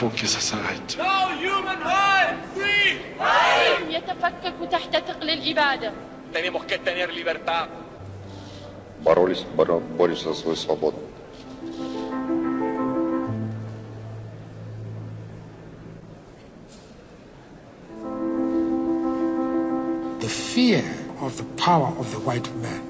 faut que ça s'arrête. боролись, боролись за свою свободу. The fear of the power of the white man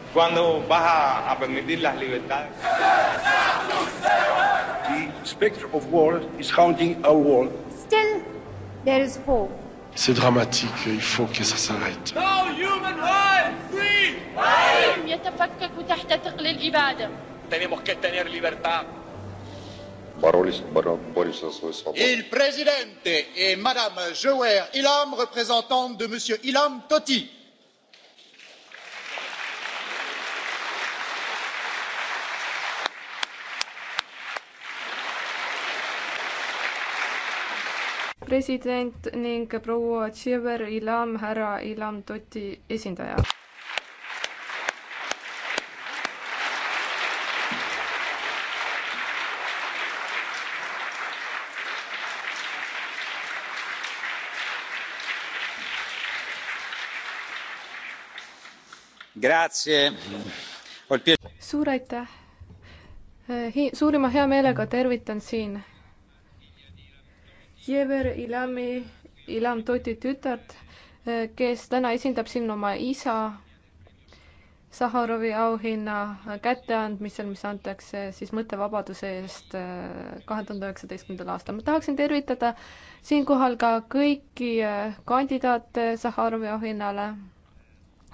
¿Cuándo vas a, a permitir las libertades? The specter of war is haunting our world. Still, there is hope. C'est dramatique, il faut que ça s'arrête. No human life free! يتفكك تحت ثقل الإبادة. Tenemos que tener libertad. Il presidente et madame Jower Ilham, représentante de monsieur Ilham Tohti. asepresident ning proua Tšiver Ilam, härra Ilam Toti esindaja. suur aitäh! suurima heameelega tervitan siin Jever Ilami, Ilam Toti tütart, eh, kes täna esindab siin oma isa Saharovi auhinna kätteandmisel, mis antakse siis mõttevabaduse eest eh, kahe tuhande üheksateistkümnendal aastal. ma tahaksin tervitada siinkohal ka kõiki eh, kandidaate Saharovi auhinnale,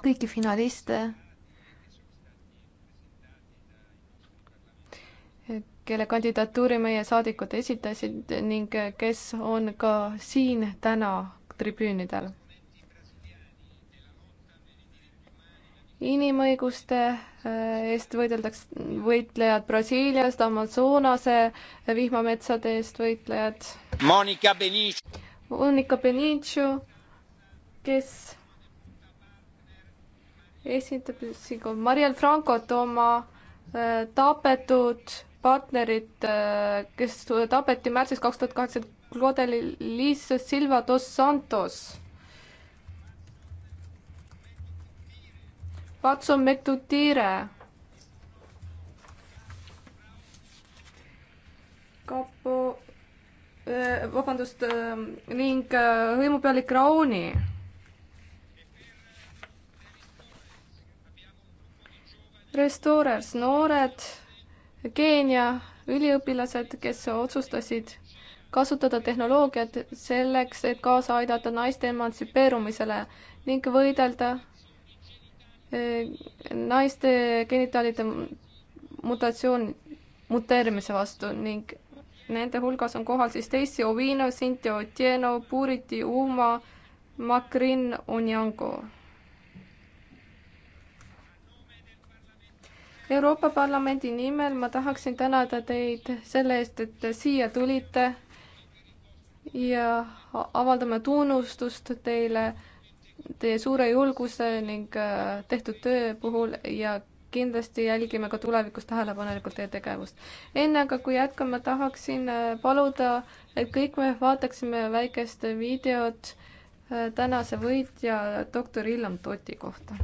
kõiki finaliste kelle kandidatuuri meie saadikud esitasid ning kes on ka siin täna tribüünidel. inimõiguste äh, eest võideldakse, võitlejad Brasiiliast, Amazonase vihmametsade eest võitlejad. Monika Benicio. Monika Benicio, kes esindab siin Mariel Francot oma äh, tapetud partnerit, kes tapeti märtsis kaks tuhat kaheksa, Claudelis Silva dos Santos. Patso Metutire. kapo, eh, vabandust, eh, ning eh, hõimupealik Rauni Restorers noored Keenia üliõpilased, kes otsustasid kasutada tehnoloogiat selleks, et kaasa aidata naiste emantsipeerumisele ning võidelda eh, naiste genitaalide mutatsioon, muteerimise vastu ning nende hulgas on kohal siis Stacy Owino, Cynthia Otieno, Puriti Uma, Makrin Onyango. Euroopa Parlamendi nimel ma tahaksin tänada teid selle eest, et te siia tulite ja avaldame tunnustust teile teie suure julguse ning äh, tehtud töö puhul ja kindlasti jälgime ka tulevikus tähelepanelikult teie tegevust. enne aga, kui jätkame, tahaksin äh, paluda, et kõik me vaataksime väikest videot äh, tänase võitja doktor Illam Toti kohta.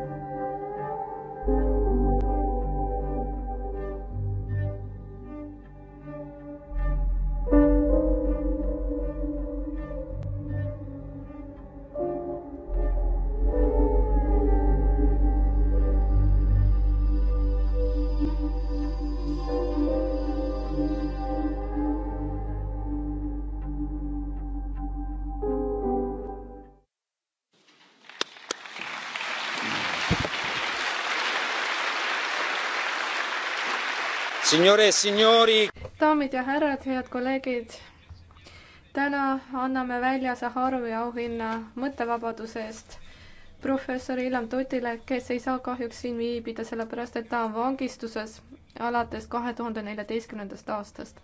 daamid ja härrad, head kolleegid. täna anname välja Saharovi auhinna mõttevabaduse eest professor Ilham Totile, kes ei saa kahjuks siin viibida, sellepärast et ta on vangistuses alates kahe tuhande neljateistkümnendast aastast.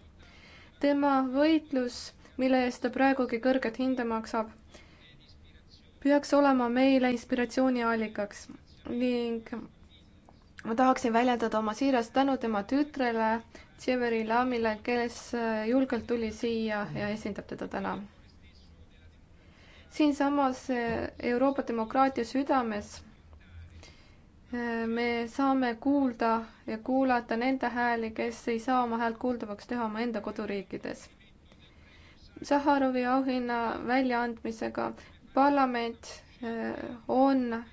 tema võitlus, mille eest ta praegugi kõrget hinda maksab, peaks olema meile inspiratsiooniallikaks ning ma tahaksin väljendada oma siirast tänu tema tütrele, Tševeri Lamile, kes äh, julgelt tuli siia ja esindab teda täna. siinsamas äh, Euroopa demokraatia südames äh, me saame kuulda ja kuulata nende hääli, kes ei saa oma häält kuuldavaks teha omaenda koduriikides. Saharovi auhinna väljaandmisega parlament on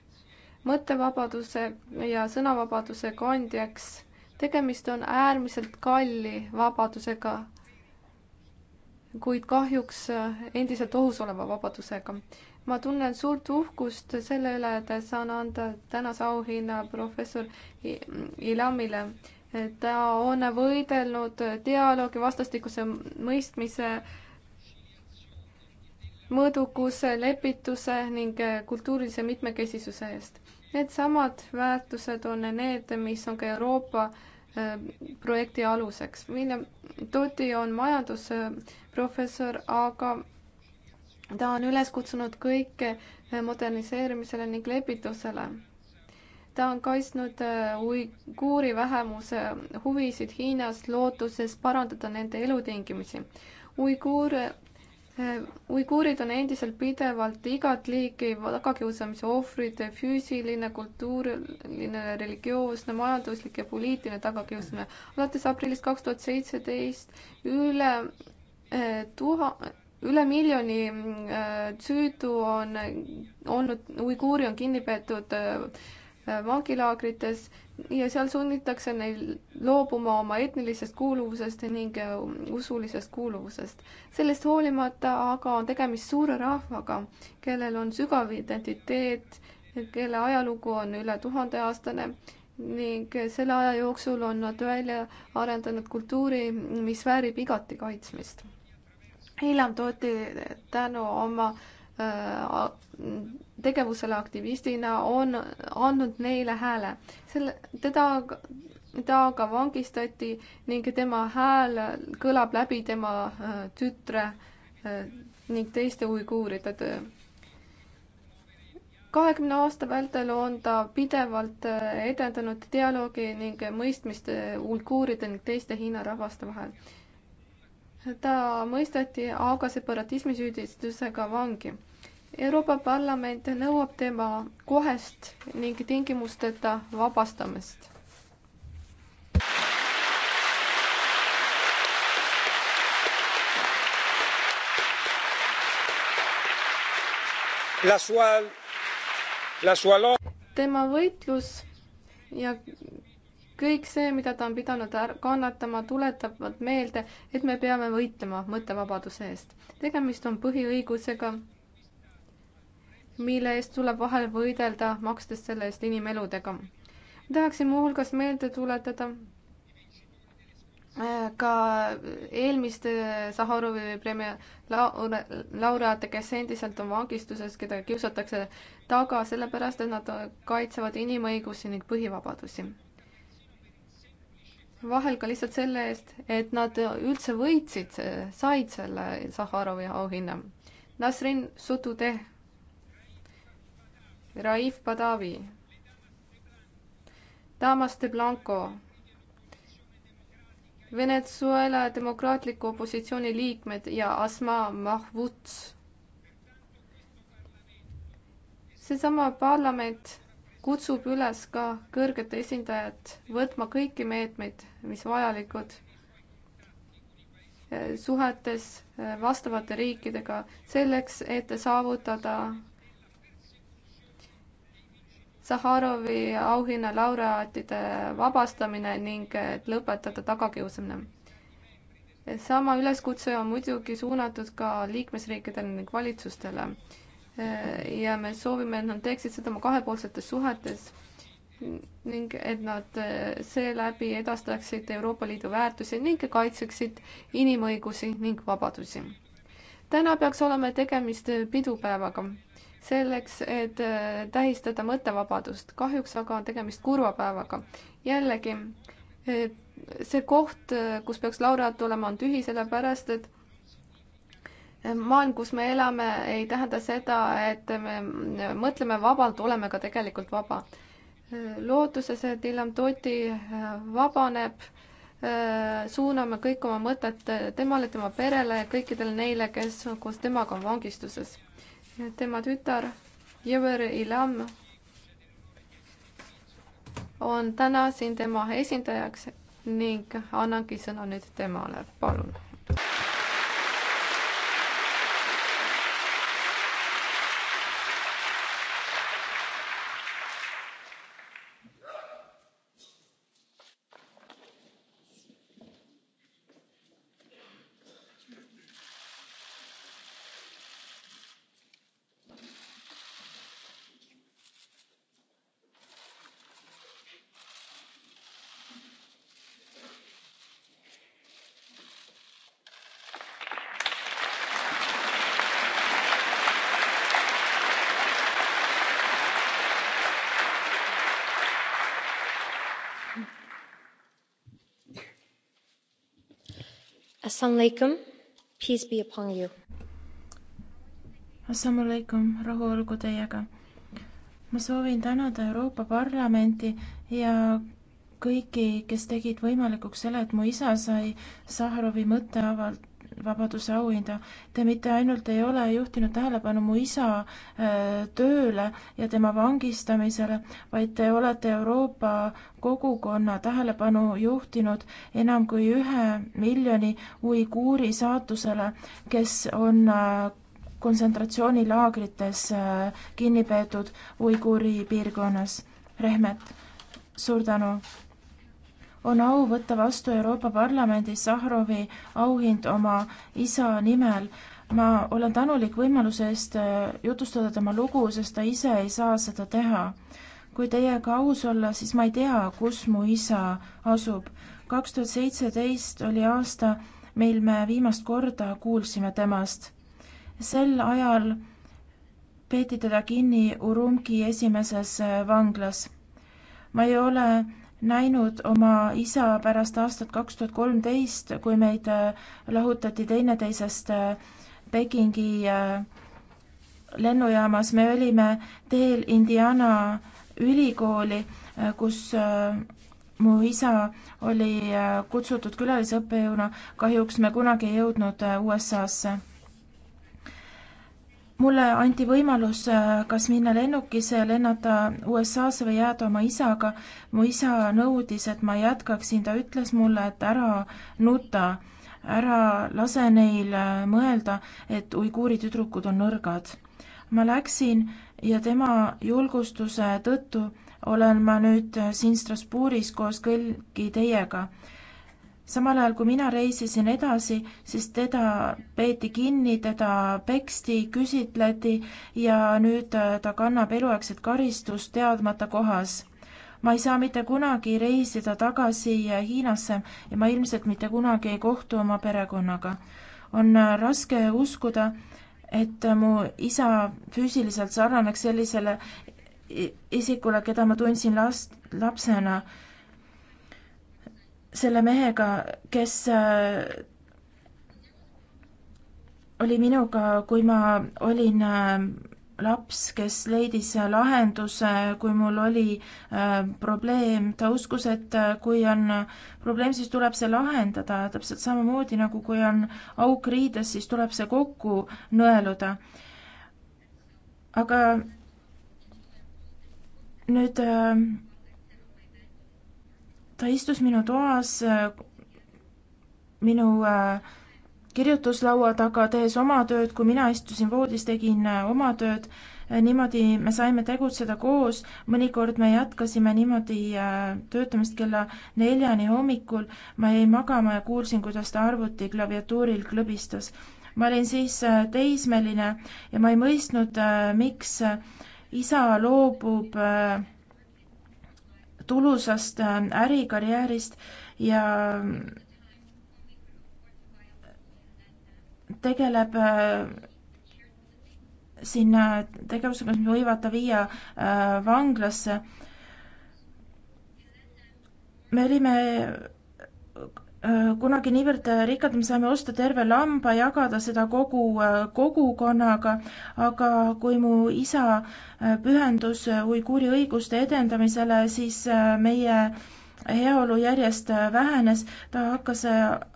mõttevabaduse ja sõnavabaduse kandjaks. tegemist on äärmiselt kalli vabadusega, kuid kahjuks endiselt ohus oleva vabadusega. ma tunnen suurt uhkust selle üle, et saan anda tänase auhinna professor Ilamile. ta on võidelnud dialoogi vastastikuse mõistmise mõõdukuse, lepituse ning äh, kultuurilise mitmekesisuse eest. Needsamad väärtused on need, mis on ka Euroopa äh, projekti aluseks. William Totti on majandusprofessor, äh, aga ta on üles kutsunud kõike moderniseerimisele ning lepitusele. ta on kaitsnud uiguuri vähemuse huvisid Hiinas, lootuses parandada nende elutingimusi. uiguure uiguurid on endiselt pidevalt igat liiki tagakiusamise ohvrid, füüsiline, kultuuriline, religioosne, majanduslik ja poliitiline tagakiusamine. alates aprillist kaks tuhat seitseteist üle eh, tuha-, üle miljoni eh, süütu on olnud, uiguuri on kinni peetud eh, vangilaagrites ja seal sunnitakse neil loobuma oma etnilisest kuuluvusest ning äh, usulisest kuuluvusest. sellest hoolimata aga on tegemist suure rahvaga, kellel on sügav identiteet, kelle ajalugu on üle tuhandeaastane ning selle aja jooksul on nad välja arendanud kultuuri, mis väärib igati kaitsmist. hiljem toodi tänu oma äh, Äh, tegevusele aktivistina on andnud neile hääle. selle, teda, ta aga vangistati ning tema hääl kõlab läbi tema äh, tütre äh, ning teiste uiguuride töö. kahekümne aasta vältel on ta pidevalt edendanud dialoogi ning mõistmist uiguuride ning teiste Hiina rahvaste vahel ta mõisteti aga separatismi süüdistusega vangi. Euroopa Parlament nõuab tema kohest ning tingimusteta vabastamist tema võitlus ja kõik see, mida ta on pidanud kannatama, tuletavad meelde, et me peame võitlema mõttevabaduse eest. tegemist on põhiõigusega, mille eest tuleb vahel võidelda, makstes selle eest inimeludega. tahaksin muuhulgas meelde tuletada äh, ka eelmiste Sahharovi preemia laureaate, kes endiselt on vangistuses, keda kiusatakse taga sellepärast, et nad kaitsevad inimõigusi ning põhivabadusi vahel ka lihtsalt selle eest, et nad üldse võitsid, said selle Sahharovi auhinna. Nasrin Sutudeh, Raif Badavi, Damas de Blanco, Venezuela demokraatliku opositsiooni liikmed ja Asma Mahvuts. seesama parlament kutsub üles ka kõrget esindajat võtma kõiki meetmeid, mis vajalikud eh, suhetes eh, vastavate riikidega selleks, et saavutada Saharovi auhinna laureaatide vabastamine ning eh, lõpetada tagakiusamine. sama üleskutse on muidugi suunatud ka liikmesriikidele ning valitsustele ja me soovime, et nad teeksid seda oma kahepoolsetes suhetes ning et nad äh, seeläbi edastaksid Euroopa Liidu väärtusi ning kaitseksid inimõigusi ning vabadusi. täna peaks olema tegemist äh, pidupäevaga, selleks et äh, tähistada mõttevabadust, kahjuks aga on tegemist kurva päevaga. jällegi, see koht, kus peaks laureaat olema, on tühi, sellepärast et maailm, kus me elame, ei tähenda seda, et me mõtleme vabalt, oleme ka tegelikult vaba. lootuses, et Ilham Toti äh, vabaneb, äh, suuname kõik oma mõtted temale, tema perele, kõikidele neile, kes koos temaga on vangistuses. tema tütar Jõver Ilham on täna siin tema esindajaks ning annangi sõna nüüd temale, palun. Assalamualaikum, peace be upon you. Assalamualaikum, rahu olgu teiega. ma soovin tänada Euroopa Parlamenti ja kõiki, kes tegid võimalikuks selle, et mu isa sai Sahharovi mõtteavalt vabaduse auhinda. Te mitte ainult ei ole juhtinud tähelepanu mu isa äh, tööle ja tema vangistamisele, vaid te olete Euroopa kogukonna tähelepanu juhtinud enam kui ühe miljoni uiguuri saatusele, kes on äh, kontsentratsioonilaagrites äh, kinni peetud uiguuri piirkonnas. Rehmet, suur tänu! on au võtta vastu Euroopa Parlamendis Sahhrovi auhind oma isa nimel. ma olen tänulik võimaluse eest äh, jutustada tema lugu, sest ta ise ei saa seda teha kui teiega aus olla, siis ma ei tea, kus mu isa asub. kaks tuhat seitseteist oli aasta, mil me viimast korda kuulsime temast. sel ajal peeti teda kinni Urumqi esimeses äh, vanglas. ma ei ole näinud oma isa pärast aastat kaks tuhat kolmteist, kui meid äh, lahutati teineteisest äh, Pekingi äh, lennujaamas. me olime teel Indiana ülikooli, kus mu isa oli kutsutud külalisõppejõuna. kahjuks me kunagi ei jõudnud USA-sse mulle anti võimalus äh, kas minna lennukisse ja lennata USA-sse või jääda oma isaga. mu isa nõudis, et ma jätkaksin, ta ütles mulle, et ära nuta, ära lase neil äh, mõelda, et uiguuri tüdrukud on nõrgad. ma läksin ja tema julgustuse tõttu olen ma nüüd äh, siin Strasbourgis koos kõigi teiega samal ajal kui mina reisisin edasi, siis teda peeti kinni, teda peksti, küsitleti ja nüüd äh, ta kannab eluaegset karistust teadmata kohas. ma ei saa mitte kunagi reisida tagasi äh, Hiinasse ja ma ilmselt mitte kunagi ei kohtu oma perekonnaga. on äh, raske uskuda, et mu isa füüsiliselt sarnaneks sellisele isikule, keda ma tundsin last, lapsena selle mehega, kes äh, oli minuga, kui ma olin äh, laps, kes leidis lahenduse, kui mul oli äh, probleem, ta uskus, et kui on probleem, siis tuleb see lahendada, täpselt samamoodi nagu kui on auk riides, siis tuleb see kokku nõeluda. aga nüüd äh, ta istus minu toas minu äh, kirjutuslaua taga, tehes oma tööd, kui mina istusin voodis, tegin äh, oma tööd. Äh, niimoodi me saime tegutseda koos, mõnikord me jätkasime niimoodi töötamist kella neljani hommikul. ma jäin magama ja kuulsin, kuidas ta arvuti klaviatuuril klõbistas. ma olin siis teismeline ja ma ei mõistnud, miks isa loobub äh, tulusast äh, ärikarjäärist ja tegeleb äh, siin äh, tegevusega, mis võivad ta viia vanglasse. me olime Äh, kunagi niivõrd äh, rikkad, me saame osta terve lamba, jagada seda kogu äh, kogukonnaga, aga kui mu isa pühendus uiguuri õiguste edendamisele, siis meie heaolu järjest vähenes, ta hakkas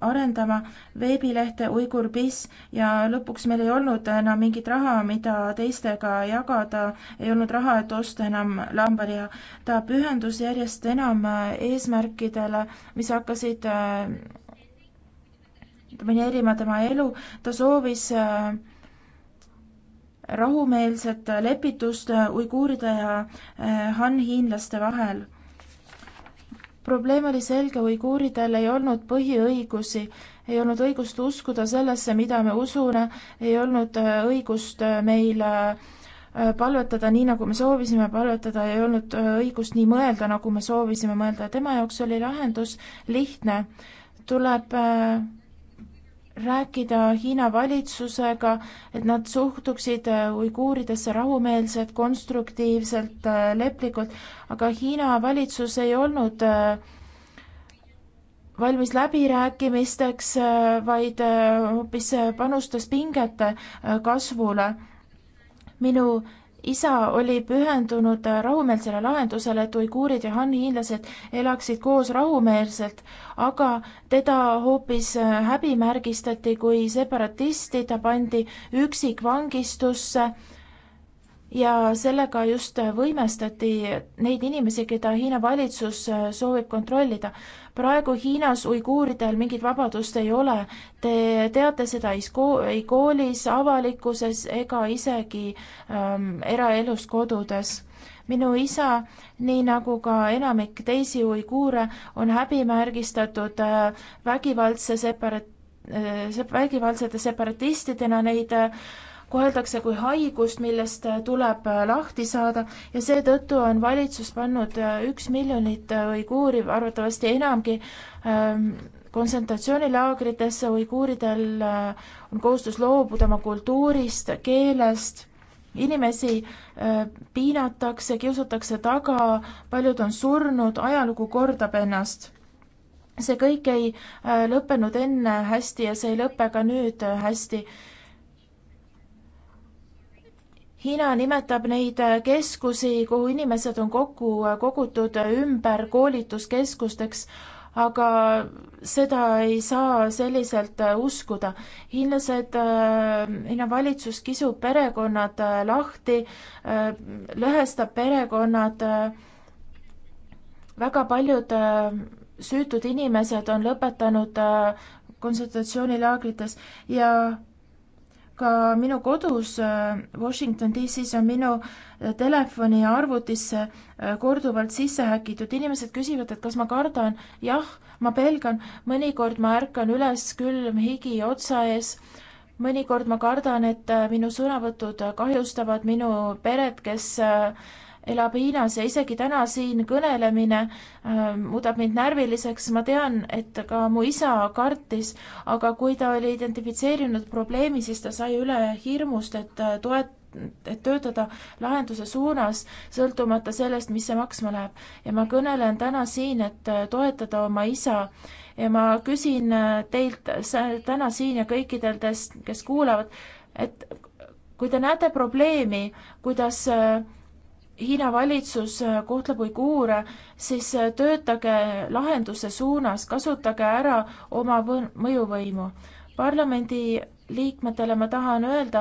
arendama veebilehte Uigur.biz ja lõpuks meil ei olnud enam mingit raha, mida teistega jagada, ei olnud raha, et osta enam lambaliha. ta pühendus järjest enam eesmärkidele, mis hakkasid äh, domineerima tema elu, ta soovis äh, rahumeelset lepitust äh, uiguuride ja han-hiinlaste vahel probleem oli selge, uiguuridel ei olnud põhiõigusi, ei olnud õigust uskuda sellesse, mida me usume, ei olnud äh, õigust äh, meil äh, palvetada nii, nagu me soovisime palvetada, ei olnud õigust nii mõelda, nagu me soovisime mõelda ja tema jaoks oli lahendus lihtne. tuleb rääkida Hiina valitsusega, et nad suhtuksid äh, uiguuridesse rahumeelselt, konstruktiivselt, äh, leplikult, aga Hiina valitsus ei olnud äh, valmis läbirääkimisteks, vaid hoopis panustas pingete kasvule. minu isa oli pühendunud rahumeelsele lahendusele, et uiguurid ja han-hiinlased elaksid koos rahumeelselt, aga teda hoopis häbimärgistati kui separatisti, ta pandi üksikvangistusse ja sellega just võimestati neid inimesi, keda Hiina valitsus soovib kontrollida praegu Hiinas uiguuridel mingit vabadust ei ole. Te teate seda ei koolis, avalikkuses ega isegi ähm, eraelus kodudes. minu isa, nii nagu ka enamik teisi uiguure, on häbimärgistatud äh, vägivaldse separa- äh,, vägivaldsete separatistidena, neid äh, koheldakse kui haigust, millest äh, tuleb äh, lahti saada ja seetõttu on valitsus pannud äh, üks miljonit uiguuri, arvatavasti enamgi, ähm, kontsentratsioonilaagritesse, uiguuridel on kohustus loobuda oma kultuurist, keelest, inimesi piinatakse, kiusatakse taga, paljud on surnud, ajalugu kordab ennast. see kõik ei lõppenud enne hästi ja see ei lõpe ka nüüd hästi Hiina nimetab neid äh, keskusi, kuhu inimesed on kokku äh, kogutud äh, ümber koolituskeskusteks, aga seda ei saa selliselt uskuda. hiinlased, Hiina valitsus kisub perekonnad lahti, lõhestab perekonnad, väga paljud süütud inimesed on lõpetanud konsultatsioonilaagrites ja ka minu kodus äh, Washington DC-s on minu äh, telefoni ja arvutisse äh, korduvalt sisse häkitud, inimesed küsivad, et kas ma kardan, jah, ma pelgan, mõnikord ma ärkan üles külm higi otsa ees, mõnikord ma kardan, et minu sõnavõtud kahjustavad minu peret, kes elab Hiinas ja isegi täna siin kõnelemine äh, muudab mind närviliseks, ma tean, et ka mu isa kartis, aga kui ta oli identifitseerinud probleemi, siis ta sai üle hirmust, et äh, toet-, et töötada lahenduse suunas, sõltumata sellest, mis see maksma läheb. ja ma kõnelen täna siin, et äh, toetada oma isa ja ma küsin äh, teilt täna siin ja kõikidel, kes kuulavad, et kui te näete probleemi, kuidas äh, Hiina valitsus äh, kohtleb uiguure, siis äh, töötage lahenduse suunas, kasutage ära oma mõjuvõimu. parlamendi liikmetele ma tahan öelda,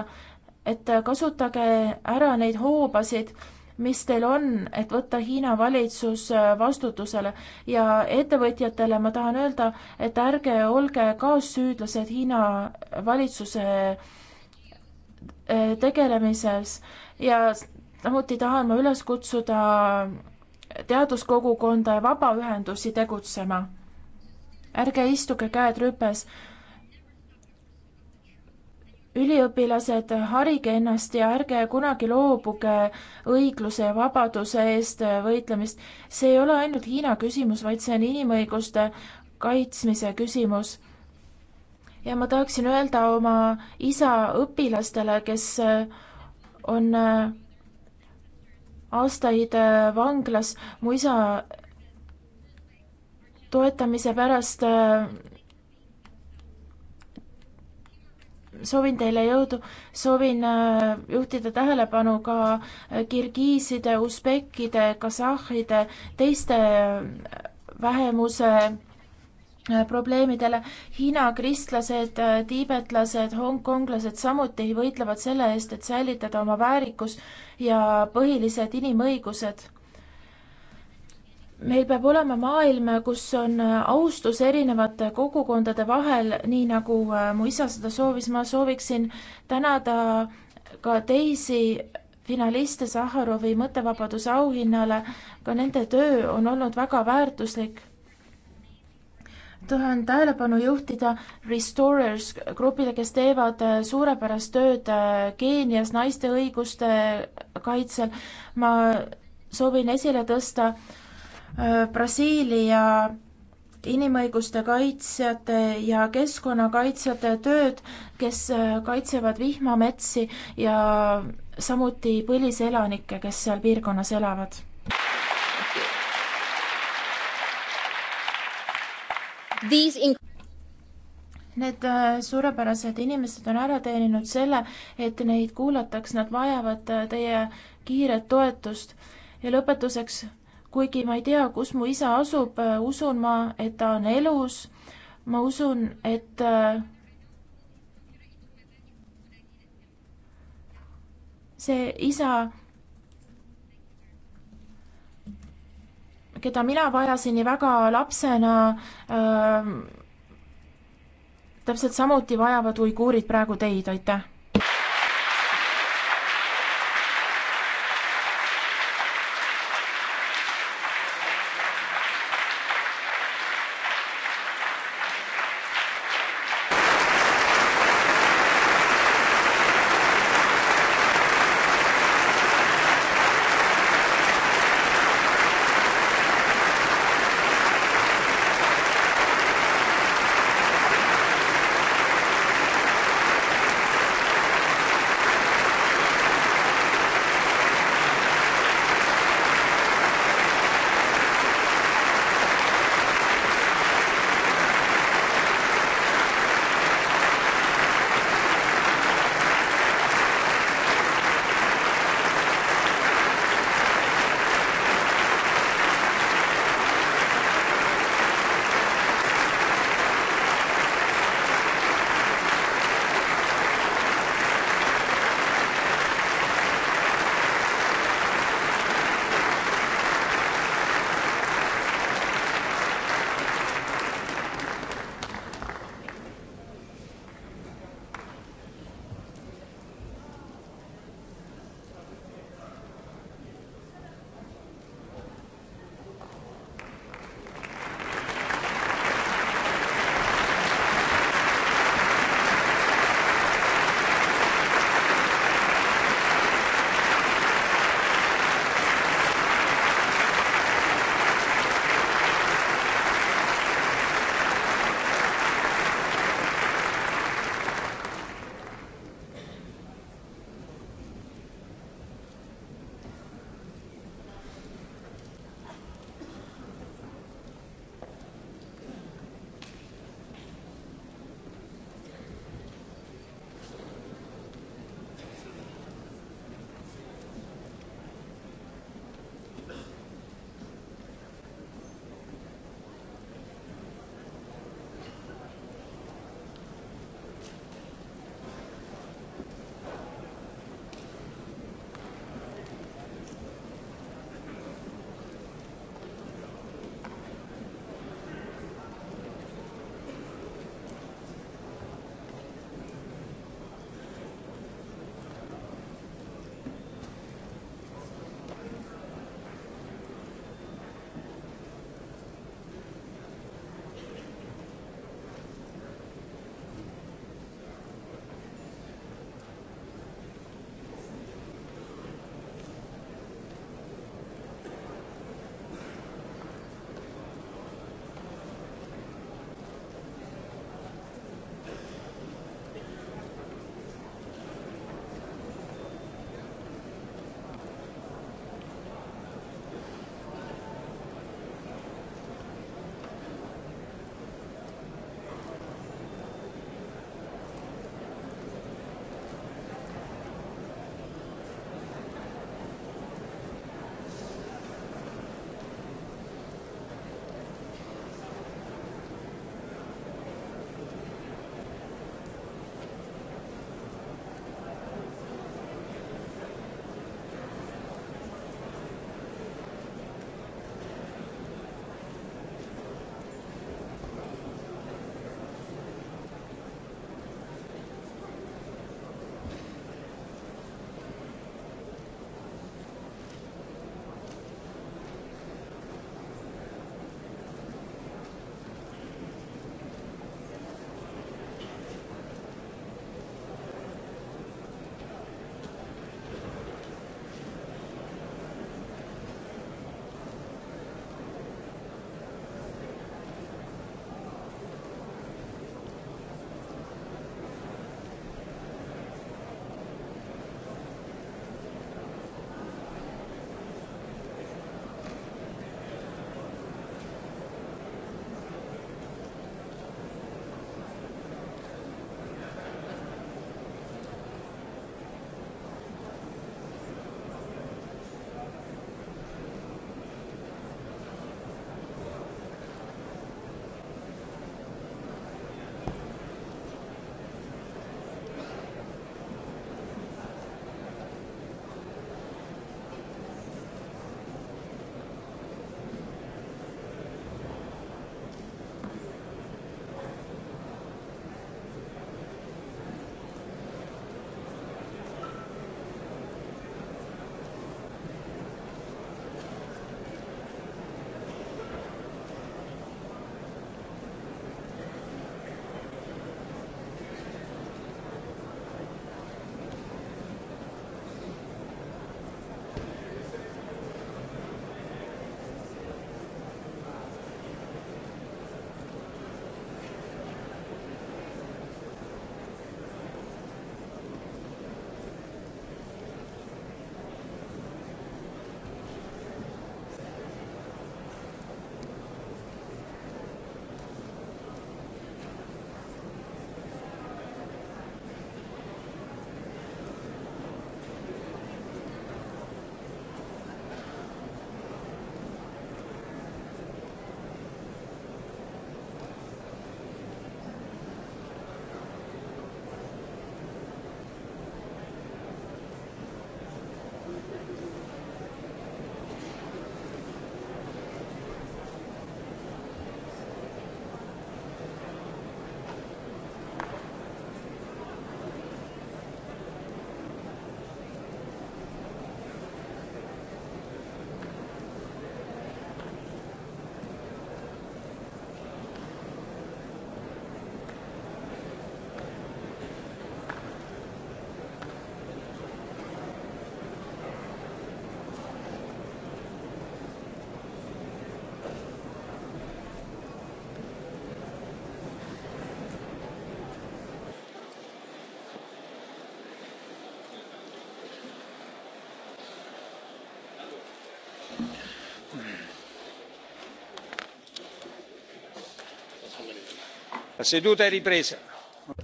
et äh, kasutage ära neid hoobasid, mis teil on, et võtta Hiina valitsus vastutusele ja ettevõtjatele ma tahan öelda, et ärge olge kaassüüdlased Hiina valitsuse tegelemises ja samuti tahan ma üles kutsuda teaduskogukonda ja vabaühendusi tegutsema. ärge istuge käed rüpes. üliõpilased, harige ennast ja ärge kunagi loobuge õigluse ja vabaduse eest võitlemist. see ei ole ainult Hiina küsimus, vaid see on inimõiguste kaitsmise küsimus ja ma tahaksin öelda oma isa õpilastele, kes on äh, aastaid äh, vanglas mu isa toetamise pärast. Äh, soovin teile jõudu, soovin äh, juhtida tähelepanu ka kirgiiside, usbekkide, kasahhide, teiste vähemuse Äh, probleemidele. Hiina kristlased, äh, tiibetlased, hongkonglased samuti võitlevad selle eest, et säilitada oma väärikus ja põhilised inimõigused. meil peab olema maailm, kus on äh, austus erinevate kogukondade vahel, nii nagu mu isa seda soovis, ma sooviksin tänada ka teisi finaliste Sahharovi mõttevabaduse auhinnale, ka nende töö on olnud väga väärtuslik tahan tähelepanu juhtida Restorers grupile, kes teevad äh, suurepärast tööd Keenias äh, naiste õiguste äh, kaitsel. ma soovin esile tõsta Brasiilia inimõiguste kaitsjate ja keskkonnakaitsjate tööd, kes kaitsevad vihmametsi ja samuti põliselanikke, kes seal piirkonnas elavad Need äh, suurepärased inimesed on ära teeninud selle, et neid kuulataks, nad vajavad äh, teie kiiret toetust. ja lõpetuseks, kuigi ma ei tea, kus mu isa asub, äh, usun ma, et ta on elus. ma usun, et see isa keda mina vajasin nii väga lapsena äh,, täpselt samuti vajavad uiguurid praegu teid, aitäh!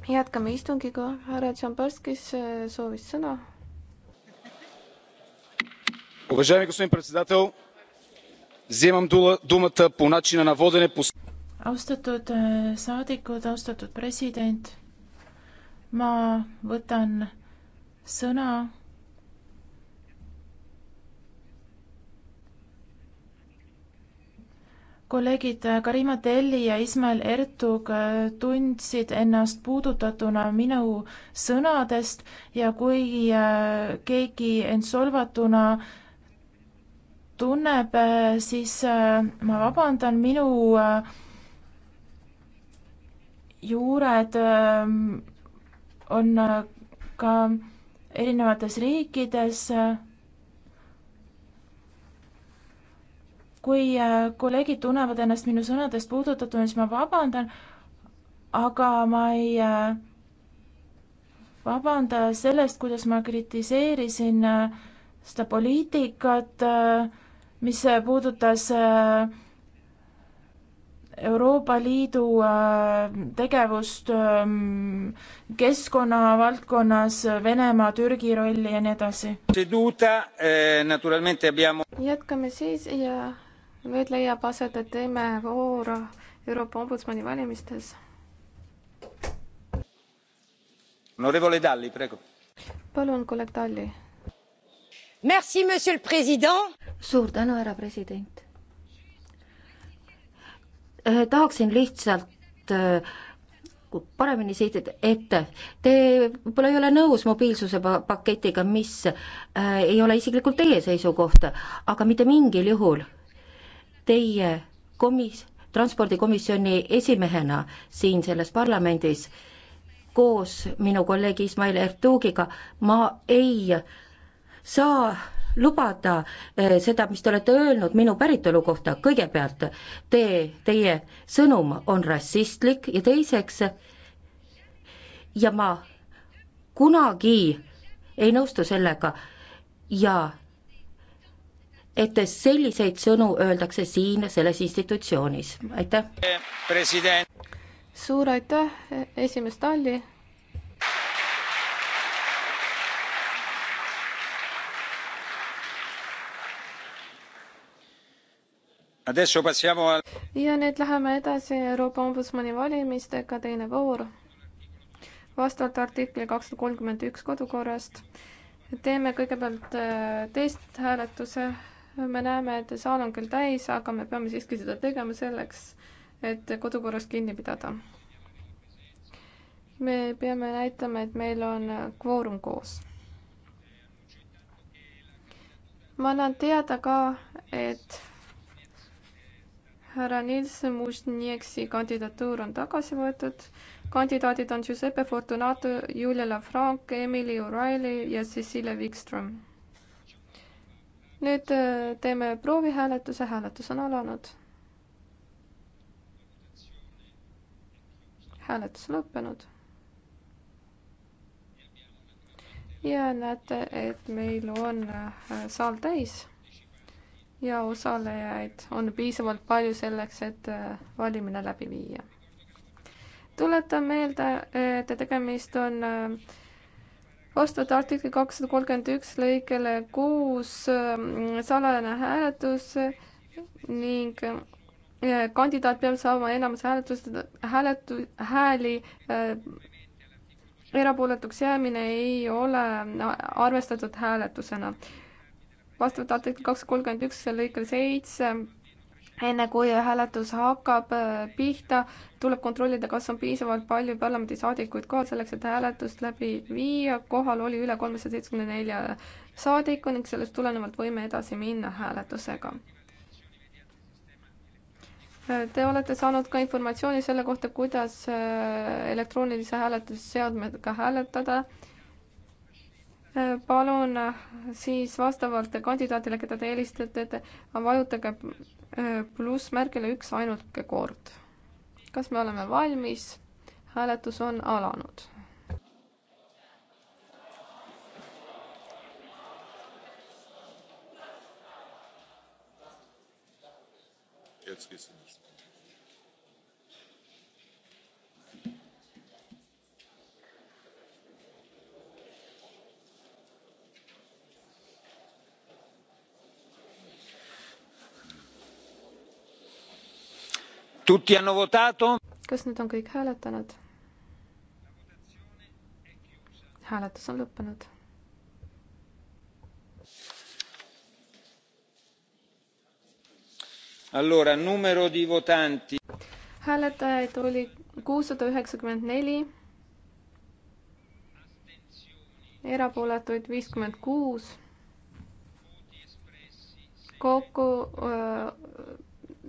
jätkame istungiga härra dzhambazkis eh, soovis sõna. austatud э, saadikud austatud president ma võtan sõna kolleegid Karima Telli ja Ismail Ertug tundsid ennast puudutatuna minu sõnadest ja kui äh, keegi end solvatuna tunneb, äh, siis äh, ma vabandan, minu juured on ka erinevates riikides kui äh, kolleegid tunnevad ennast minu sõnadest puudutatuna, siis ma vabandan, aga ma ei äh, vabanda sellest, kuidas ma kritiseerisin äh, seda poliitikat, mis puudutas Euroopa Liidu tegevust ähm, keskkonna valdkonnas, Venemaa, Türgi rolli ja nii edasi. jätkame siis ja nüüd leiab aset teine voor Euroopa ombudsmani valimistes. palun, kolleeg Talli. suur tänu, härra president. Äh, tahaksin lihtsalt äh, paremini sihtida, et te võib-olla ei ole nõus mobiilsuse paketiga, mis äh, ei ole isiklikult teie seisukoht, aga mitte mingil juhul teie komis-, transpordikomisjoni esimehena siin selles parlamendis koos minu kolleegi Ismail Ertugiga, ma ei saa lubada eh, seda, mis te olete öelnud minu päritolu kohta, kõigepealt te, teie sõnum on rassistlik ja teiseks, ja ma kunagi ei nõustu sellega ja et selliseid sõnu öeldakse siin selles institutsioonis, aitäh. suur aitäh, esimees Talli. ja nüüd läheme edasi Euroopa Ombudsmani valimistega, teine voor. vastavalt artikli kakssada kolmkümmend üks kodukorrast teeme kõigepealt äh, testhääletuse me näeme, et saal on küll täis, aga me peame siiski seda tegema selleks, et kodukorrast kinni pidada. me peame näitama, et meil on kvoorum koos. ma annan teada ka, et härra Nils Mužnieksi kandidatuur on tagasi võetud. kandidaadid on Giuseppe Fortunato, Julia Lafranc, Emily O'Reilly ja Cecilia Wikström nüüd äh, teeme proovihääletuse, hääletus on alanud. hääletus lõppenud. ja näete, et meil on äh, saal täis ja osalejaid on piisavalt palju selleks, et äh, valimine läbi viia. tuletan meelde, et tegemist on äh, vastavalt artikli kakssada kolmkümmend üks lõikele kuus ähm, salajane hääletus ning äh, kandidaat peab saama enamus hääletust, hääletu-, hääli äh, erapooletuks jäämine ei ole arvestatud hääletusena. vastavalt artikli kakssada kolmkümmend üks lõikele seitse enne kui hääletus hakkab äh, pihta, tuleb kontrollida, kas on piisavalt palju parlamendisaadikuid kohal selleks, et hääletust läbi viia. kohal oli üle kolmesaja seitsmekümne nelja saadiku ning sellest tulenevalt võime edasi minna hääletusega. Äh, te olete saanud ka informatsiooni selle kohta, kuidas äh, elektroonilise hääletusseadmega hääletada palun siis vastavalt kandidaadile, keda te eelistate, vajutage plussmärgile üks ainuke kord. kas me oleme valmis? hääletus on alanud. jetzt geht's kas nüüd on kõik hääletanud? hääletus on lõppenud. Allora, numero di votanti. hääletajaid oli kuussada üheksakümmend neli, erapooletuid viiskümmend kuus, kokku öö,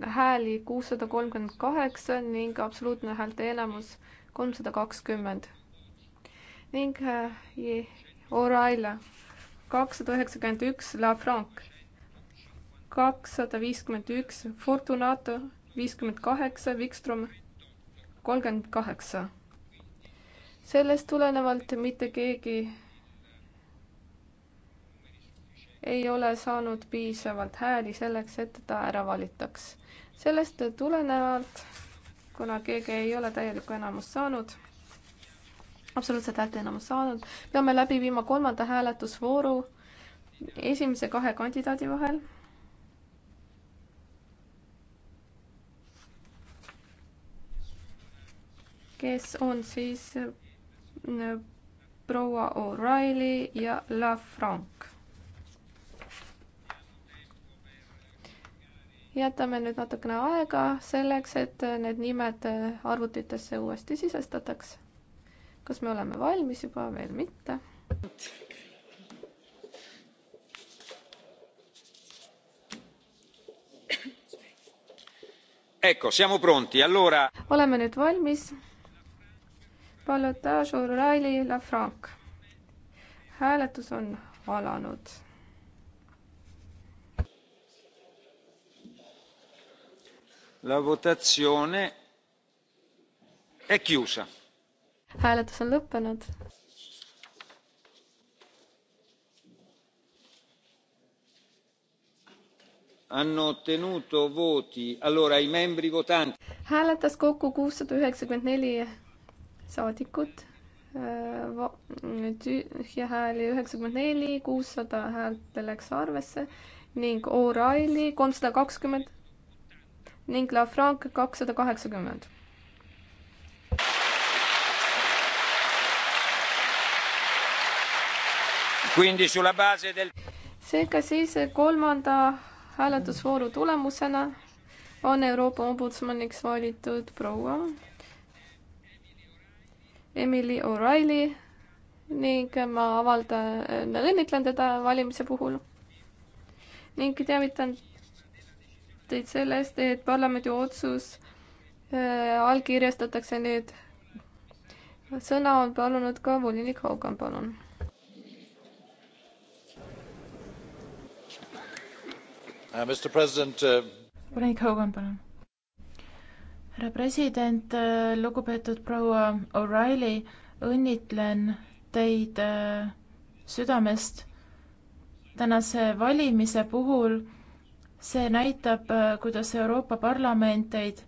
hääli kuussada kolmkümmend kaheksa ning absoluutne häälte enamus kolmsada kakskümmend. ning äh, Oraila kakssada üheksakümmend üks La Franc, kakssada viiskümmend üks Fortunato, viiskümmend kaheksa Wikström, kolmkümmend kaheksa. sellest tulenevalt mitte keegi ei ole saanud piisavalt hääli selleks, et ta ära valitaks. sellest tulenevalt, kuna keegi ei ole täielikku enamust saanud, absoluutset häälteenamust saanud, peame läbi viima kolmanda hääletusvooru esimese kahe kandidaadi vahel kes on siis proua O'Reilly ja La Franc. jätame nüüd natukene aega selleks, et need nimed arvutitesse uuesti sisestataks. kas me oleme valmis juba, veel mitte? Ecco, siamo pronti, allora. oleme nüüd valmis. Ballotage, O'Reilly, Lafranc. hääletus on alanud la votazione è chiusa. hääletus on lõppenud. hanno ottenuto voti allora i membri votanti. hääletas kokku kuussada üheksakümmend neli saadikut äh, tühja hääli üheksakümmend neli, kuussada häält läks arvesse ning O'Reilly kolmsada kakskümmend ning Lafranc kakssada kaheksakümmend. seega siis kolmanda hääletusvooru tulemusena on Euroopa ombudsmaniks valitud proua Emily O'Reilly ning ma avaldan, õnnitlen teda valimise puhul ning teavitan teid selle eest, et parlamendi otsus äh, allkirjastatakse nüüd. sõna on palunud ka volinik Haugan, palun. Uh, uh, volinik Haugan, palun. härra president, uh, lugupeetud proua O'Reilly, õnnitlen teid südamest tänase valimise puhul see näitab, äh, kuidas Euroopa Parlament teid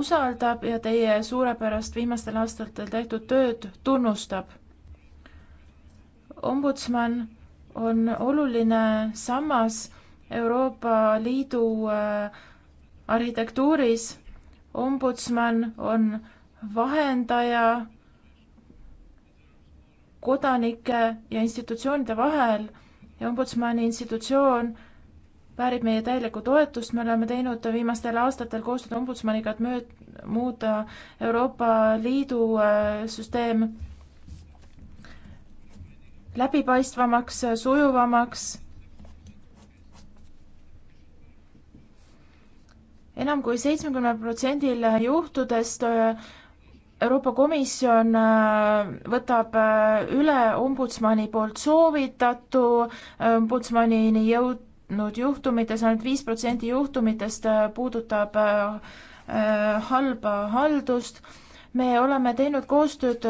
usaldab ja teie suurepärast viimastel aastatel tehtud tööd tunnustab. ombudsman on oluline sammas Euroopa Liidu äh, arhitektuuris. ombudsman on vahendaja kodanike ja institutsioonide vahel ja ombudsmani institutsioon väärib meie täielikku toetust, me oleme teinud viimastel aastatel koostööd ombudsmaniga, et mööd-, muuta Euroopa Liidu äh, süsteem läbipaistvamaks, sujuvamaks. enam kui seitsmekümnel protsendil juhtudest äh, Euroopa Komisjon äh, võtab üle ombudsmani poolt soovitatu, ombudsmanini jõud-, õnnestunud juhtumites ainult viis protsenti juhtumitest äh, puudutab äh, äh, halba haldust. me oleme teinud koostööd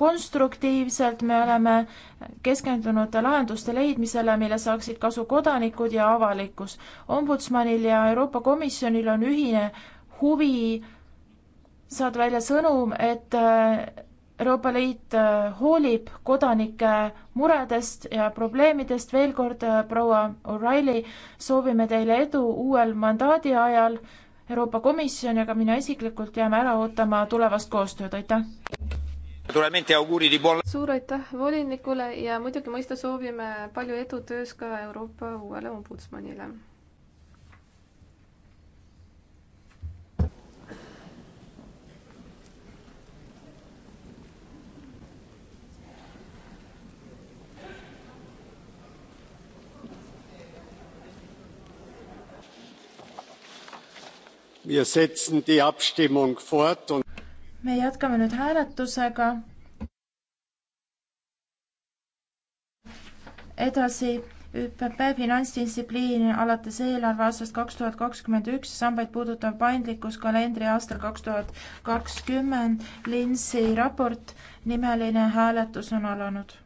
konstruktiivselt, me oleme keskendunud lahenduste leidmisele, mille saaksid kasu kodanikud ja avalikkus. ombudsmanil ja Euroopa Komisjonil on ühine huvi saada välja sõnum, et Euroopa Liit äh, hoolib kodanike muredest ja probleemidest. veel kord, äh, proua O'Reilly, soovime teile edu uuel mandaadi ajal. Euroopa Komisjon ja ka mina isiklikult jääme ära ootama tulevast koostööd, aitäh! suur aitäh volinikule ja muidugi mõista soovime palju edu töös ka Euroopa uuele ombudsmanile me jätkame nüüd hääletusega. edasi ÜPP finantsdistsipliini alates eelarveaastast kaks tuhat kakskümmend üks sambaid puudutav paindlikkus kalendriaastal kaks tuhat kakskümmend Linsi raport nimeline hääletus on alanud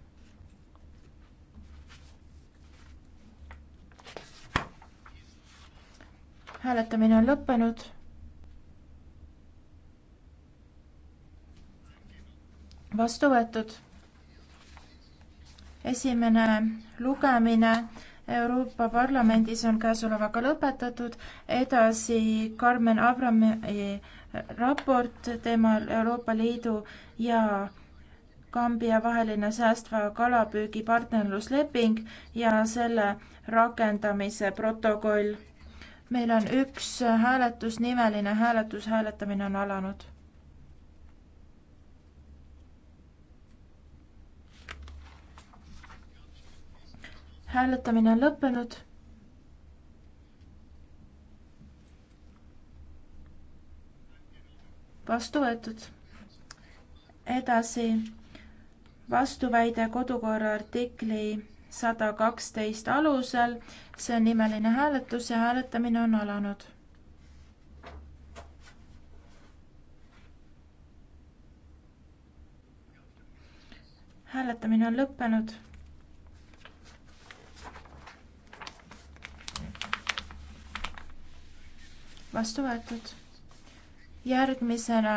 hääletamine on lõppenud. vastu võetud. esimene lugemine Euroopa Parlamendis on käesolevaga lõpetatud, edasi Carmen Abrami raport teemal Euroopa Liidu ja Kambja vaheline säästva kalapüügi partnerlusleping ja selle rakendamise protokoll meil on üks hääletus, nimeline hääletus, hääletamine on alanud. hääletamine on lõppenud. vastu võetud. edasi vastuväide kodukorra artikli sada kaksteist alusel. see on nimeline hääletus ja hääletamine on alanud. hääletamine on lõppenud. vastu võetud. järgmisena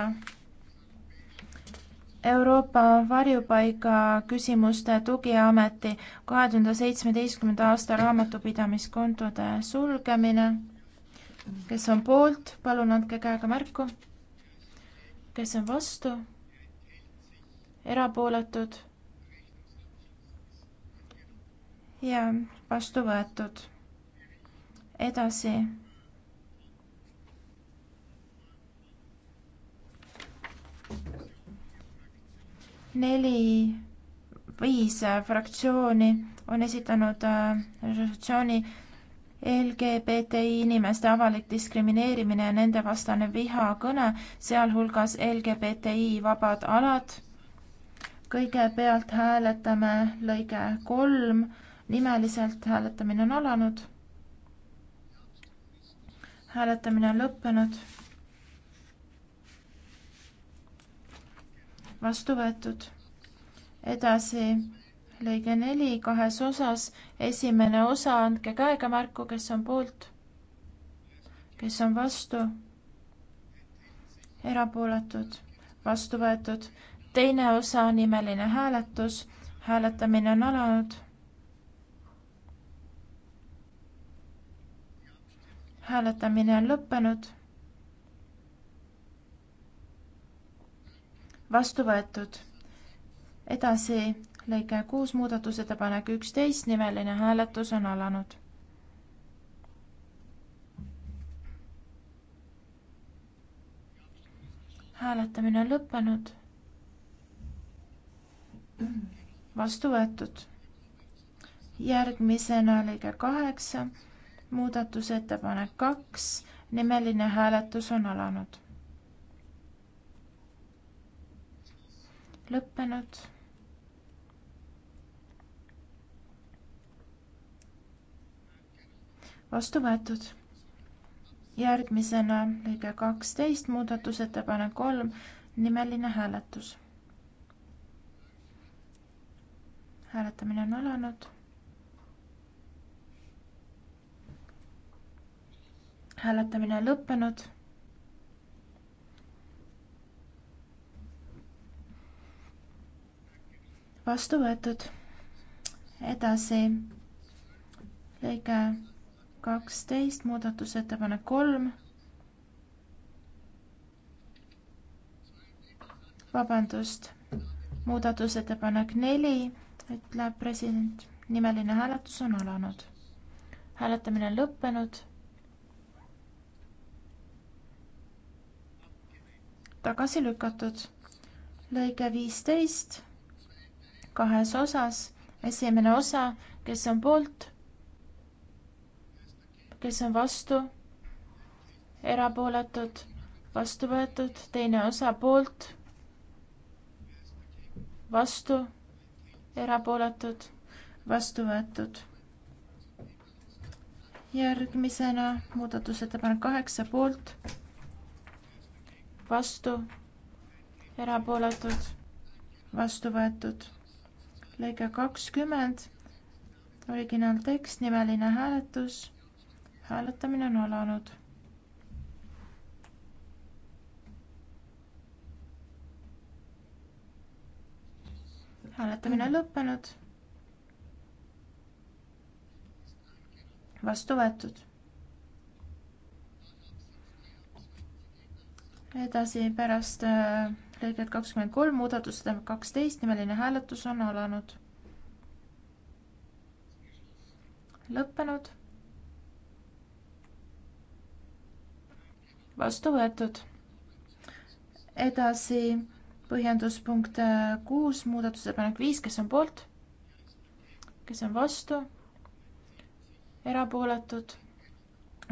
Euroopa varjupaiga küsimuste tugiameti kahe tuhande seitsmeteistkümnenda aasta raamatupidamiskontode sulgemine. kes on poolt, palun andke käega märku. kes on vastu? erapooletud? ja vastu võetud. edasi neli, viis fraktsiooni on esitanud äh, resolutsiooni LGBTI inimeste avalik diskrimineerimine ja nendevastane vihakõne, sealhulgas LGBTI vabad alad. kõigepealt hääletame lõige kolm, nimeliselt hääletamine on alanud. hääletamine on lõppenud. vastu võetud. edasi, lõige neli kahes osas, esimene osa, andke käega märku, kes on poolt, kes on vastu, erapooletud, vastu võetud. teine osa, nimeline hääletus, hääletamine on alanud hääletamine on lõppenud vastu võetud. edasi lõige kuus muudatusettepanek üksteist nimeline hääletus on alanud. hääletamine on lõppenud. vastu võetud. järgmisena lõige kaheksa muudatusettepanek kaks nimeline hääletus on alanud lõppenud. vastu võetud. järgmisena lõige kaksteist, muudatusettepanek kolm, nimeline hääletus. hääletamine on alanud hääletamine on lõppenud vastu võetud. edasi, lõige kaksteist, muudatusettepanek kolm. vabandust, muudatusettepanek neli, ütleb president, nimeline hääletus on alanud. hääletamine on lõppenud. tagasi lükatud. lõige viisteist kahes osas. esimene osa, kes on poolt, kes on vastu, erapooletud, vastu võetud, teine osa poolt, vastu, erapooletud, vastu võetud. järgmisena muudatusettepanek kaheksa poolt, vastu, erapooletud vastu võetud lõige kakskümmend, originaaltekst, nimeline hääletus. hääletamine on alanud. hääletamine on lõppenud. vastu võetud edasi pärast äh, lõiget kakskümmend kolm muudatusettepanek kaksteist nimeline hääletus on alanud lõppenud vastu võetud edasi põhjenduspunkt äh, kuus muudatusettepanek viis kes on poolt kes on vastu erapooletud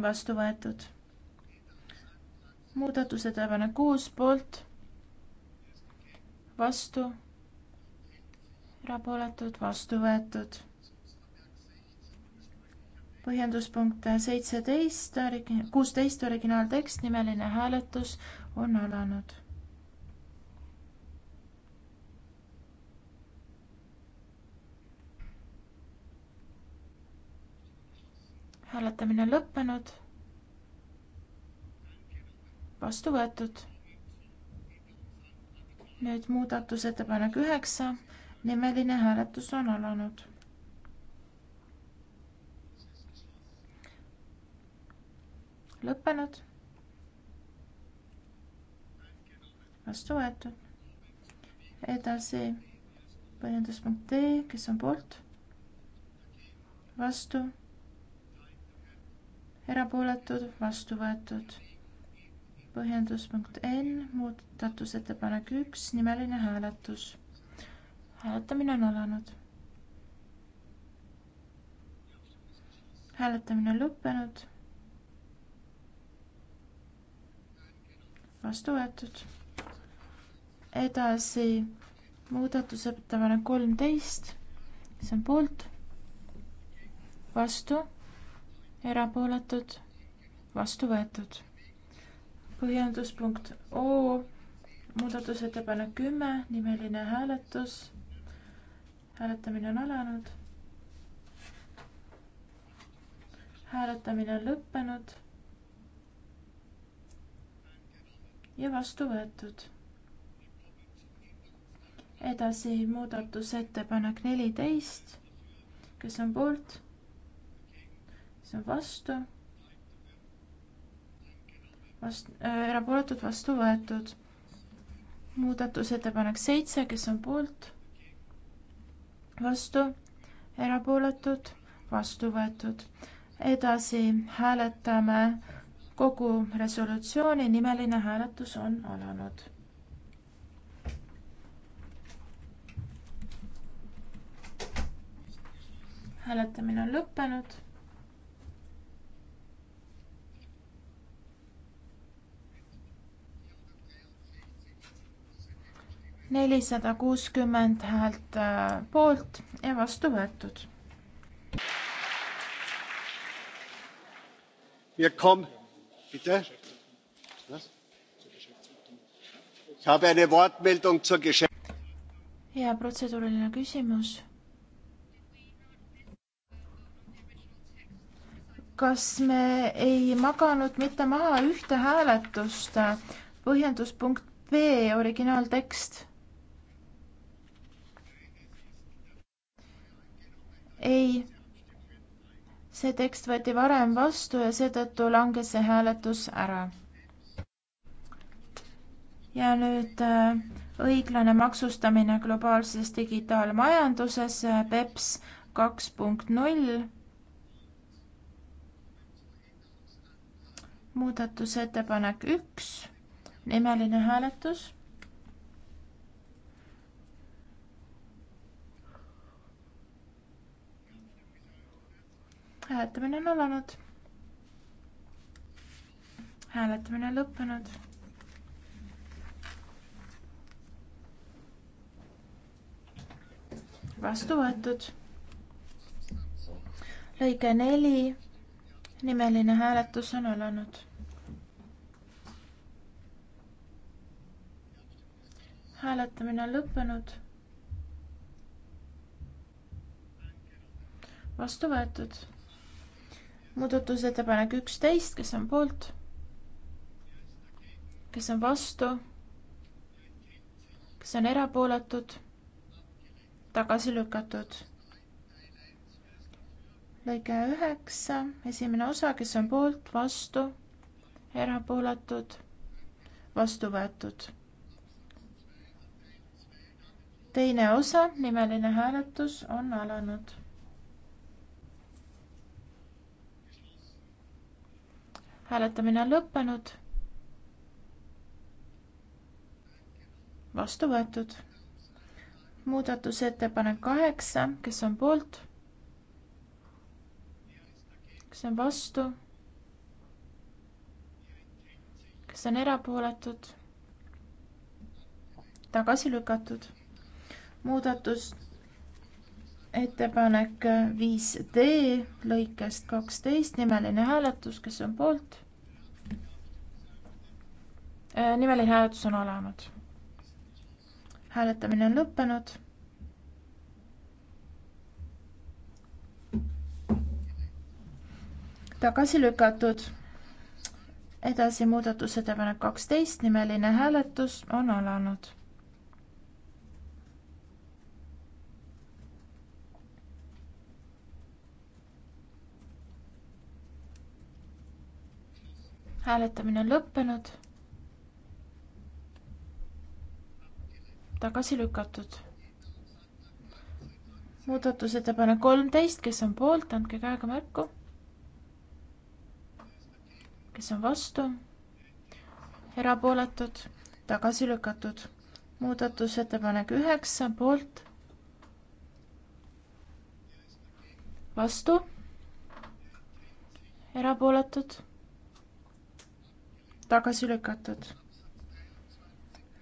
vastu võetud muudatusettepanek kuus poolt, vastu, erapooletud, vastu võetud. põhjenduspunkt seitseteist, kuusteist originaaltekst, nimeline hääletus on alanud hääletamine on lõppenud vastu võetud. nüüd muudatusettepanek üheksa, nimeline hääletus on alanud. lõppenud. vastu võetud. edasi põhjenduspunkt D, kes on poolt, vastu, erapooletud, vastu võetud põhjendus punkt N, muudatusettepanek üks, nimeline hääletus. hääletamine on alanud. hääletamine on lõppenud. vastu võetud. edasi muudatusettepanek kolmteist, mis on poolt, vastu, erapooletud, vastu võetud põhjenduspunkt O, muudatusettepanek kümme, nimeline hääletus. hääletamine on alanud. hääletamine on lõppenud. ja vastu võetud. edasi muudatusettepanek neliteist, kes on poolt, kes on vastu vast- äh,, erapooletud, vastu võetud. muudatusettepanek seitse, kes on poolt, vastu, erapooletud, vastu võetud. edasi hääletame kogu resolutsiooni, nimeline hääletus on alanud hääletamine on lõppenud nelisada kuuskümmend häält äh, poolt ja vastu võetud. ja protseduuriline küsimus. kas me ei maganud mitte maha ühte hääletust? põhjenduspunkt B originaaltekst ei, see tekst võeti varem vastu ja seetõttu langes see hääletus ära. ja nüüd äh, õiglane maksustamine globaalses digitaalmajanduses, BEPS äh, kaks punkt null. muudatusettepanek üks, nimeline hääletus hääletamine on alanud. hääletamine on lõppenud. vastu võetud. lõige neli, nimeline hääletus on alanud. hääletamine on lõppenud vastu võetud muudatusettepanek üksteist, kes on poolt? kes on vastu? kes on erapooletud? tagasi lükatud. lõige üheksa, esimene osa, kes on poolt, vastu, erapooletud, vastu võetud. teine osa, nimeline hääletus on alanud hääletamine on lõppenud. vastu võetud. muudatusettepanek kaheksa, kes on poolt? kes on vastu? kes on erapooletud? tagasi lükatud. muudatus ettepanek 5D lõikest 12 nimeline hääletus, kes on poolt? Äh, nimeline hääletus on alanud. hääletamine on lõppenud. tagasi lükatud. edasi muudatusettepanek kaksteist, nimeline hääletus on alanud. hääletamine on lõppenud tagasi lükatud. muudatusettepanek kolmteist, kes on poolt, andke käega märku. kes on vastu? erapooletud, tagasi lükatud. muudatusettepanek üheksa, poolt. vastu. erapooletud, tagasi lükatud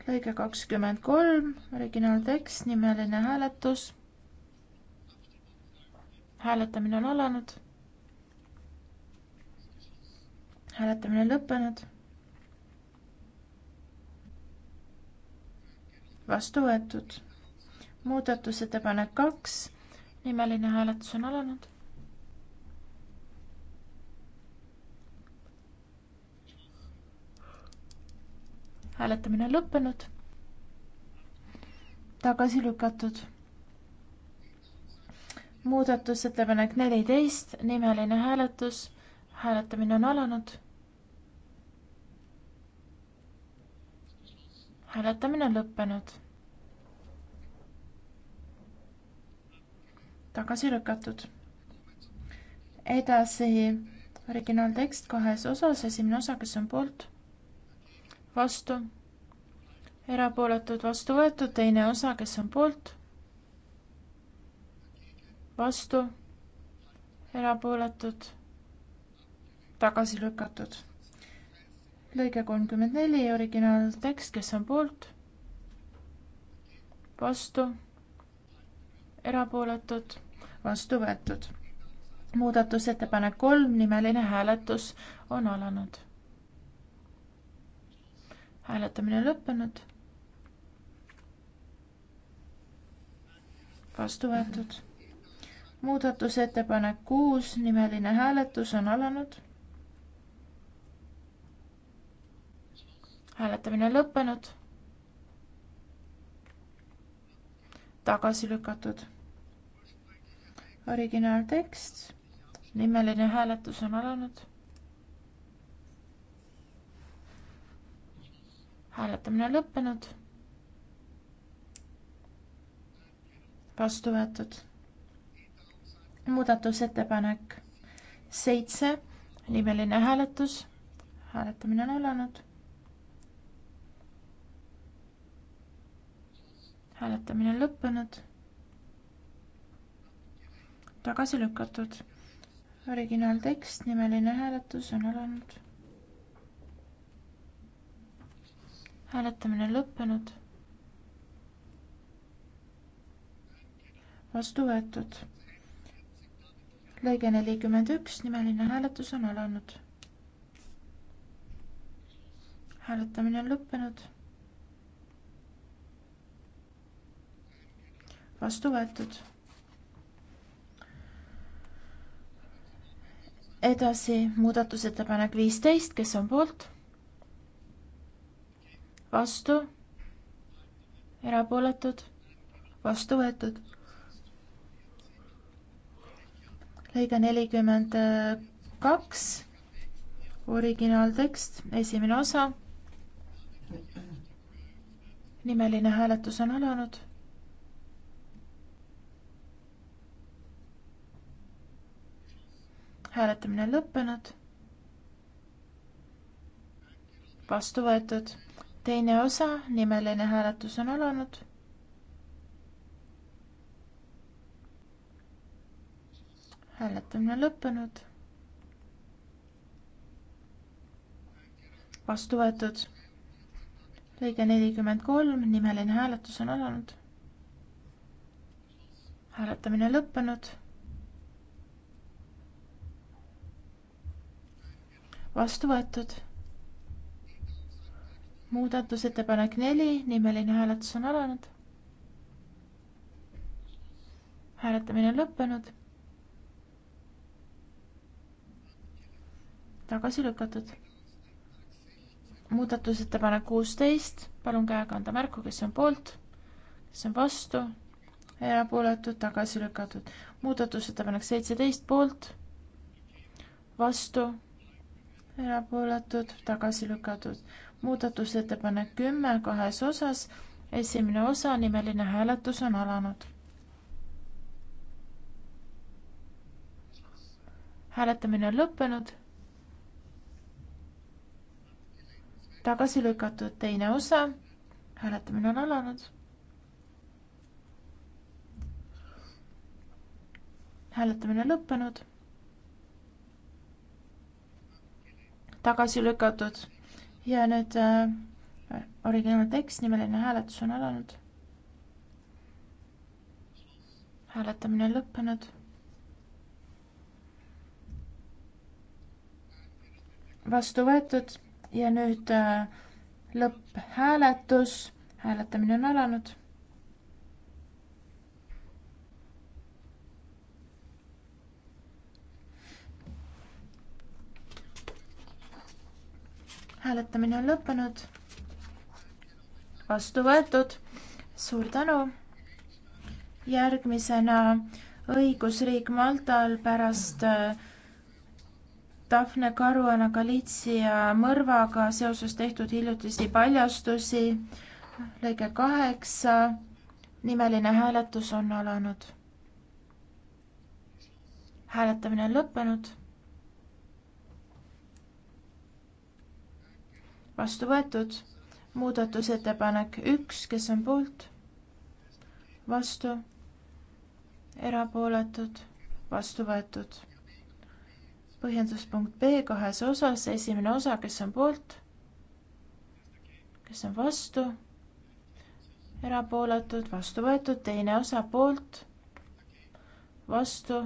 lõige kakskümmend kolm, originaaltekst, nimeline hääletus. hääletamine on alanud. hääletamine lõppenud. vastu võetud. muudatusettepanek kaks, nimeline hääletus on alanud. hääletamine on lõppenud. tagasi lükatud. muudatusettepanek neliteist, nimeline hääletus. hääletamine on alanud. hääletamine on lõppenud. tagasi lükatud. edasi originaaltekst kahes osas, esimene osa, kes on poolt vastu, erapooletud, vastu võetud, teine osa, kes on poolt, vastu, erapooletud, tagasi lükatud. lõige kolmkümmend neli, originaaltekst, kes on poolt, vastu, erapooletud, vastu võetud muudatusettepanek kolm nimeline hääletus on alanud hääletamine on lõppenud. vastu võetud. muudatusettepanek kuus, nimeline hääletus on alanud. hääletamine on lõppenud. tagasi lükatud. originaaltekst, nimeline hääletus on alanud hääletamine on lõppenud. vastu võetud. muudatusettepanek seitse, nimeline hääletus. hääletamine on alanud. hääletamine on lõppenud. tagasi lükatud. originaaltekst, nimeline hääletus on alanud hääletamine on lõppenud. vastu võetud. lõige nelikümmend üks, nimeline hääletus on alanud. hääletamine on lõppenud. vastu võetud. edasi muudatusettepanek viisteist, kes on poolt? vastu, erapooletud, vastu võetud. lõige nelikümmend kaks, originaaltekst, esimene osa. nimeline hääletus on alanud hääletamine on lõppenud. vastu võetud teine osa, nimeline hääletus on alanud. hääletamine on lõppenud. vastu võetud. lõige nelikümmend kolm, nimeline hääletus on alanud. hääletamine lõppenud vastu võetud muudatusettepanek neli, nimeline hääletus on alanud. hääletamine on lõppenud. tagasi lükatud. muudatusettepanek kuusteist, palun käega anda märku, kes on poolt, kes on vastu, erapooletud, tagasi lükatud. muudatusettepanek seitseteist poolt, vastu, erapooletud, tagasi lükatud muudatusettepanek kümme kahes osas esimene osa nimeline hääletus on alanud hääletamine on lõppenud tagasi lükatud teine osa hääletamine on alanud hääletamine lõppenud tagasi lükatud ja nüüd äh, originaaltekst, nimeline hääletus on alanud. hääletamine on lõppenud. vastu võetud ja nüüd äh, lõpphääletus, hääletamine on alanud hääletamine on lõppenud. vastu võetud. suur tänu. järgmisena õigusriik Maltal pärast äh, Daphne Caruana Galizia mõrvaga seoses tehtud hiljutisi paljastusi. lõige kaheksa, nimeline hääletus on alanud. hääletamine on lõppenud vastu võetud muudatusettepanek üks kes on poolt vastu erapooletud vastu võetud põhjenduspunkt b kahes osas esimene osa kes on poolt kes on vastu erapooletud vastu võetud teine osa poolt vastu